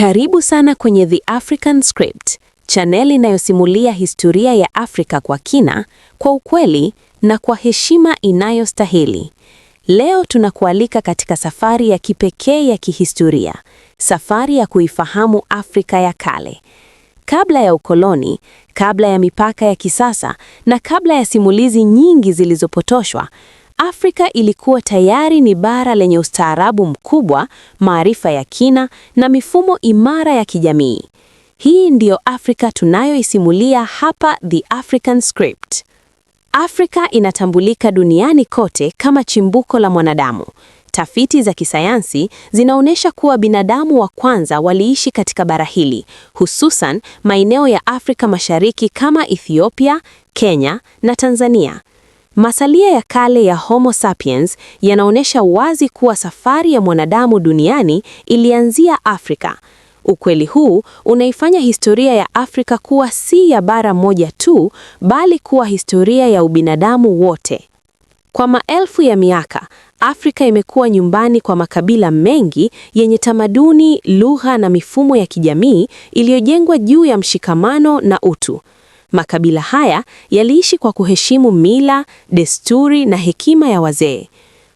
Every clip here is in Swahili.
Karibu sana kwenye The African Script, chaneli inayosimulia historia ya Afrika kwa kina, kwa ukweli na kwa heshima inayostahili. Leo tunakualika katika safari ya kipekee ya kihistoria, safari ya kuifahamu Afrika ya kale. Kabla ya ukoloni, kabla ya mipaka ya kisasa na kabla ya simulizi nyingi zilizopotoshwa, Afrika ilikuwa tayari ni bara lenye ustaarabu mkubwa, maarifa ya kina na mifumo imara ya kijamii. Hii ndiyo Afrika tunayoisimulia hapa The African Script. Afrika inatambulika duniani kote kama chimbuko la mwanadamu. Tafiti za kisayansi zinaonyesha kuwa binadamu wa kwanza waliishi katika bara hili, hususan maeneo ya Afrika Mashariki kama Ethiopia, Kenya na Tanzania. Masalia ya kale ya Homo sapiens yanaonyesha wazi kuwa safari ya mwanadamu duniani ilianzia Afrika. Ukweli huu unaifanya historia ya Afrika kuwa si ya bara moja tu, bali kuwa historia ya ubinadamu wote. Kwa maelfu ya miaka, Afrika imekuwa nyumbani kwa makabila mengi yenye tamaduni, lugha na mifumo ya kijamii iliyojengwa juu ya mshikamano na utu. Makabila haya yaliishi kwa kuheshimu mila, desturi na hekima ya wazee.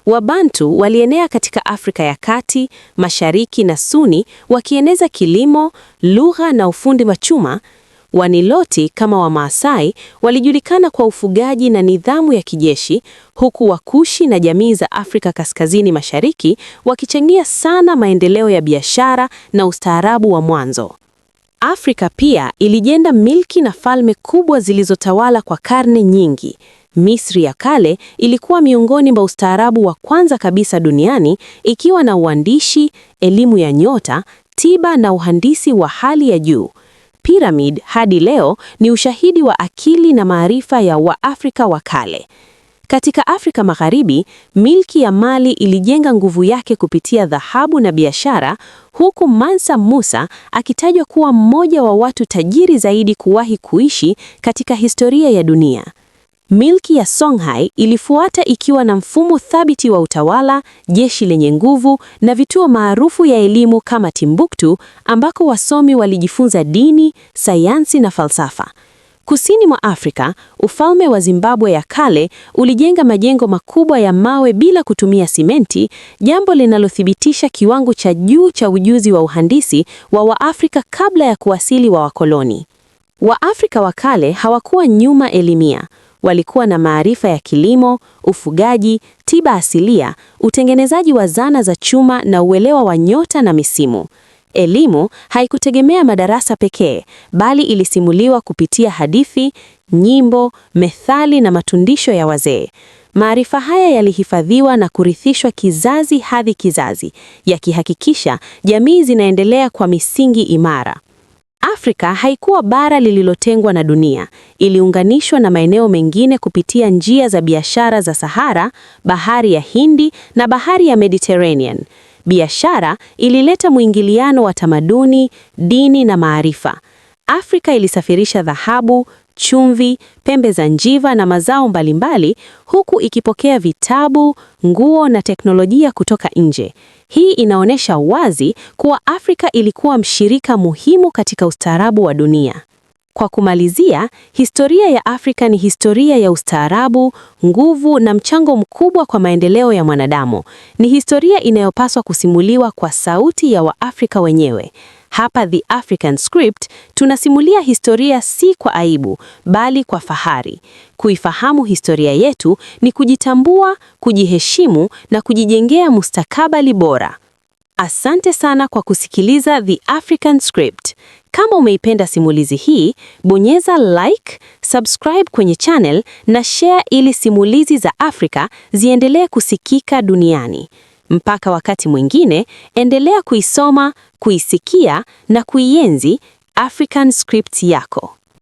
Wabantu walienea katika Afrika ya Kati, Mashariki na Suni wakieneza kilimo, lugha na ufundi wa chuma. Waniloti kama Wamaasai walijulikana kwa ufugaji na nidhamu ya kijeshi, huku Wakushi na jamii za Afrika Kaskazini Mashariki wakichangia sana maendeleo ya biashara na ustaarabu wa mwanzo. Afrika pia ilijenda milki na falme kubwa zilizotawala kwa karne nyingi. Misri ya kale ilikuwa miongoni mwa ustaarabu wa kwanza kabisa duniani ikiwa na uandishi, elimu ya nyota, tiba na uhandisi wa hali ya juu. Piramid hadi leo ni ushahidi wa akili na maarifa ya Waafrika wa kale. Katika Afrika Magharibi, milki ya Mali ilijenga nguvu yake kupitia dhahabu na biashara, huku Mansa Musa akitajwa kuwa mmoja wa watu tajiri zaidi kuwahi kuishi katika historia ya dunia. Milki ya Songhai ilifuata ikiwa na mfumo thabiti wa utawala, jeshi lenye nguvu na vituo maarufu ya elimu kama Timbuktu ambako wasomi walijifunza dini, sayansi na falsafa. Kusini mwa Afrika, ufalme wa Zimbabwe ya kale ulijenga majengo makubwa ya mawe bila kutumia simenti, jambo linalothibitisha kiwango cha juu cha ujuzi wa uhandisi wa Waafrika kabla ya kuwasili wa wakoloni. Waafrika wa kale hawakuwa nyuma elimia. Walikuwa na maarifa ya kilimo, ufugaji, tiba asilia, utengenezaji wa zana za chuma na uelewa wa nyota na misimu. Elimu haikutegemea madarasa pekee, bali ilisimuliwa kupitia hadithi, nyimbo, methali na matundisho ya wazee. Maarifa haya yalihifadhiwa na kurithishwa kizazi hadi kizazi, yakihakikisha jamii zinaendelea kwa misingi imara. Afrika haikuwa bara lililotengwa na dunia. Iliunganishwa na maeneo mengine kupitia njia za biashara za Sahara, Bahari ya Hindi na Bahari ya Mediterranean. Biashara ilileta mwingiliano wa tamaduni, dini na maarifa. Afrika ilisafirisha dhahabu, chumvi, pembe za njiva na mazao mbalimbali, huku ikipokea vitabu, nguo na teknolojia kutoka nje. Hii inaonyesha wazi kuwa Afrika ilikuwa mshirika muhimu katika ustaarabu wa dunia. Kwa kumalizia, historia ya Afrika ni historia ya ustaarabu, nguvu na mchango mkubwa kwa maendeleo ya mwanadamu. Ni historia inayopaswa kusimuliwa kwa sauti ya Waafrika wenyewe. Hapa The African Script tunasimulia historia si kwa aibu, bali kwa fahari. Kuifahamu historia yetu ni kujitambua, kujiheshimu na kujijengea mustakabali bora. Asante sana kwa kusikiliza The African Script. Kama umeipenda simulizi hii, bonyeza like, subscribe kwenye channel na share ili simulizi za Afrika ziendelee kusikika duniani. Mpaka wakati mwingine, endelea kuisoma, kuisikia na kuienzi African Script yako.